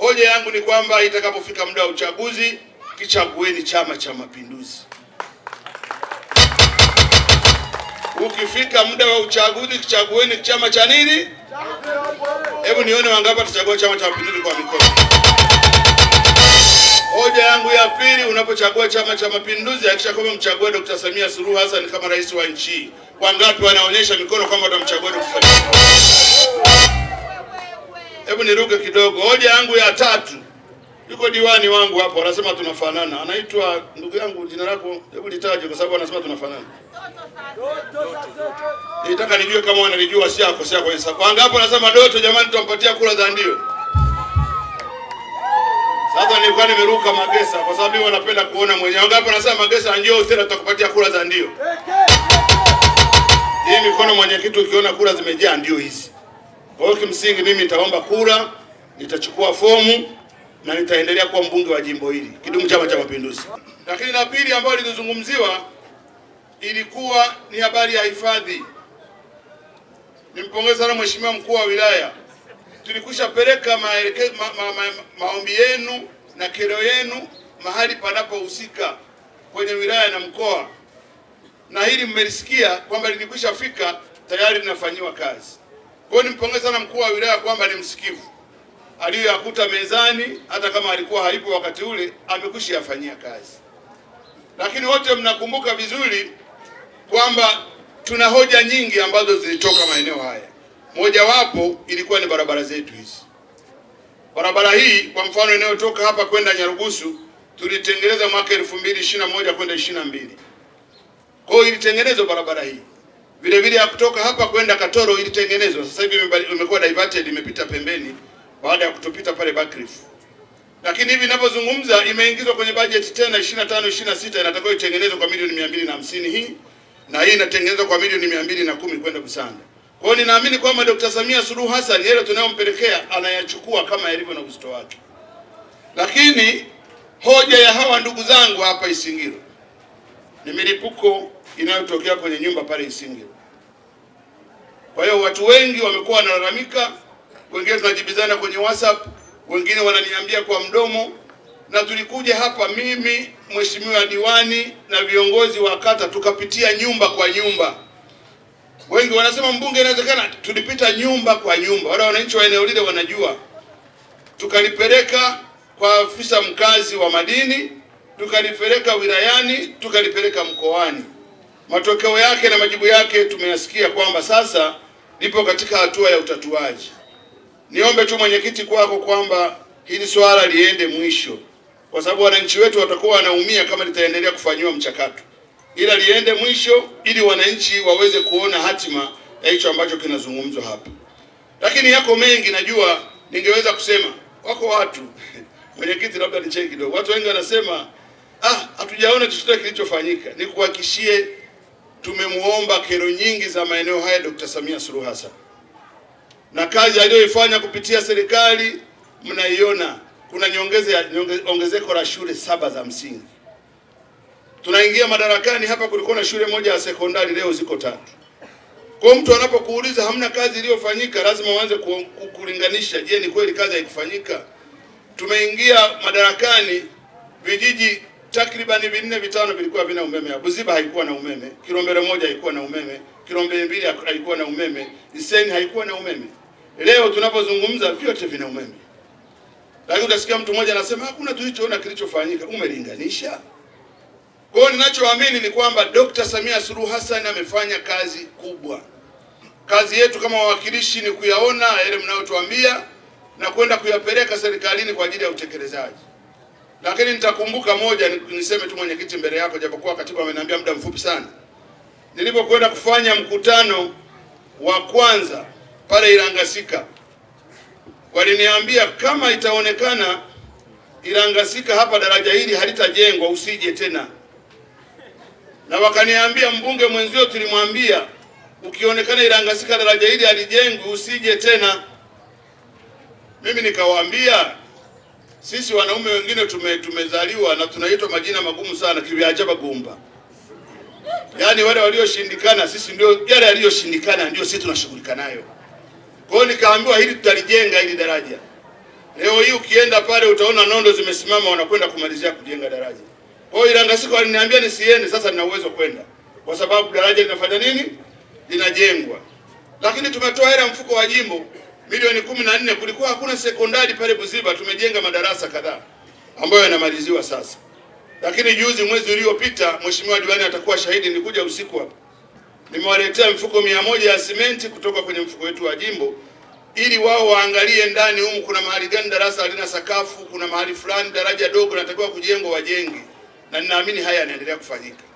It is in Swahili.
Hoja yangu ni kwamba itakapofika muda wa uchaguzi, kichagueni Chama cha Mapinduzi. Ukifika muda wa uchaguzi, kichagueni chama cha nini? Hebu nione wangapi watachagua Chama cha Mapinduzi kwa mikono. Hoja yangu ya pili, unapochagua Chama cha Mapinduzi hakikisha kwamba mchagua Dr. Samia Suluhu Hassan kama rais wa nchi. Wangapi wanaonyesha mikono kwamba watamchagua Dr. Samia? Hebu niruke kidogo. Hoja yangu ya tatu, yuko diwani wangu hapo, anasema tunafanana, anaitwa ndugu yangu, jina lako hebu litaje, kwa sababu anasema tunafanana. Nitaka nijue kama wanalijua, si yako si yako Isa kwanga hapo, anasema Doto, jamani, tutampatia kura za ndio. Sasa nilikuwa nimeruka Magesa kwa sababu mimi wanapenda kuona mwenyewe. Wangapo anasema Magesa, njoo tena tutakupatia kura za ndio. Hii mikono mwenyekiti, ukiona kura zimejaa ndio hizi. Kwa hiyo kimsingi mimi nitaomba kura, nitachukua fomu na nitaendelea kuwa mbunge wa jimbo hili. Kidumu Chama cha Mapinduzi! Lakini la pili ambayo lilizungumziwa ilikuwa ni habari ya hifadhi. Nimpongeza sana mheshimiwa mkuu wa wilaya, tulikushapeleka maombi ma, ma, ma, ma yenu na kero yenu mahali panapohusika kwenye wilaya na mkoa, na hili mmelisikia kwamba lilikwishafika tayari, linafanyiwa kazi. Kwa hiyo nimpongeza sana mkuu wa wilaya kwamba ni msikivu, aliyoyakuta mezani hata kama alikuwa haipo wakati ule amekwisha yafanyia kazi. Lakini wote mnakumbuka vizuri kwamba tuna hoja nyingi ambazo zilitoka maeneo haya, mojawapo ilikuwa ni barabara zetu hizi. Barabara hii kwa mfano inayotoka hapa kwenda Nyarugusu tulitengeneza mwaka 2021 kwenda 22. Kwa hiyo ilitengenezwa barabara hii vile vile ya kutoka hapa kwenda Katoro ilitengenezwa, sasa hivi imekuwa diverted, imepita pembeni baada ya kutopita pale Bakrif. Lakini hivi ninavyozungumza imeingizwa kwenye budget tena 25 26 inatakiwa itengenezwe kwa milioni 250 hii na hii inatengenezwa kwa milioni 210 kwenda Busanda. Kwa hiyo ninaamini kwamba Dr. Samia Suluhu Hassan yale tunayompelekea anayachukua kama yalivyo na uzito wake. Lakini hoja ya hawa ndugu zangu hapa Isingiro ni milipuko inayotokea kwenye nyumba pale Isingiro. Kwa hiyo watu wengi wamekuwa wanalalamika, wengine tunajibizana kwenye WhatsApp, wengine wananiambia kwa mdomo, na tulikuja hapa mimi, mheshimiwa diwani na viongozi wa kata, tukapitia nyumba kwa nyumba. Wengi wanasema mbunge, inawezekana tulipita nyumba kwa nyumba, wala wananchi wa eneo lile wanajua. Tukalipeleka kwa afisa mkazi wa madini, tukalipeleka wilayani, tukalipeleka mkoani. Matokeo yake na majibu yake tumeyasikia kwamba sasa lipo katika hatua ya utatuaji. Niombe tu mwenyekiti kwako kwamba hili swala liende mwisho, kwa sababu wananchi wetu watakuwa wanaumia kama litaendelea kufanyiwa mchakato, ila liende mwisho ili wananchi waweze kuona hatima ya hicho ambacho kinazungumzwa hapa. Lakini yako mengi, najua ningeweza kusema, wako watu mwenyekiti, labda nicheki kidogo, watu wengi wanasema ah, hatujaona chochote kilichofanyika. Nikuhakishie Tumemwomba kero nyingi za maeneo haya Dr. Samia Suluhu Hassan, na kazi aliyoifanya kupitia serikali mnaiona. Kuna nyongeze ongezeko la shule saba za msingi. Tunaingia madarakani hapa, kulikuwa na shule moja ya sekondari, leo ziko tatu. Kwa mtu anapokuuliza hamna kazi iliyofanyika, lazima uanze kulinganisha. Je, ni kweli kazi haikufanyika? Tumeingia madarakani, vijiji takribani vinne vitano vilikuwa vina umeme. Buziba haikuwa na umeme, Kilombero moja haikuwa na umeme, Kilombero mbili haikuwa na umeme, Iseni haikuwa na umeme. Leo tunapozungumza vyote vina umeme, lakini utasikia mtu mmoja anasema hakuna tulichoona kilichofanyika. Umelinganisha? Kwa hiyo ninachoamini ni kwamba Dkt. Samia Suluhu Hassan amefanya kazi kubwa. Kazi yetu kama wawakilishi ni kuyaona yale mnayotuambia na kwenda kuyapeleka serikalini kwa ajili ya utekelezaji lakini nitakumbuka moja, niseme tu mwenyekiti, mbele yako, japokuwa katibu ameniambia muda mfupi sana. Nilipokwenda kufanya mkutano wa kwanza pale Ilangasika, waliniambia kama itaonekana Ilangasika hapa daraja hili halitajengwa usije tena, na wakaniambia mbunge mwenzio tulimwambia ukionekana Ilangasika daraja hili halijengwi usije tena. Mimi nikawaambia sisi wanaume wengine tume, tumezaliwa na tunaitwa majina magumu sana kivyachapa gumba, yaani wale walioshindikana, sisi ndio yale yaliyoshindikana, ndio sisi tunashughulika nayo. Kwa hiyo nikaambiwa hili tutalijenga hili daraja. Leo hii ukienda pale utaona nondo zimesimama, wanakwenda kumalizia kujenga daraja. Kwa hiyo Ilanga siku aliniambia nisiende, sasa nina uwezo kwenda kwa sababu daraja linafanya nini, linajengwa. Lakini tumetoa hela mfuko wa jimbo milioni kumi na nne kulikuwa hakuna sekondari pale Buziba. Tumejenga madarasa kadhaa ambayo yanamaliziwa sasa, lakini juzi, mwezi uliopita, mheshimiwa diwani atakuwa shahidi, nilikuja usiku hapa, nimewaletea mfuko mia moja ya simenti kutoka kwenye mfuko wetu wa jimbo, ili wao waangalie ndani humu kuna mahali gani darasa halina sakafu, kuna mahali fulani daraja dogo natakiwa kujengwa, wajenge, na ninaamini haya yanaendelea kufanyika.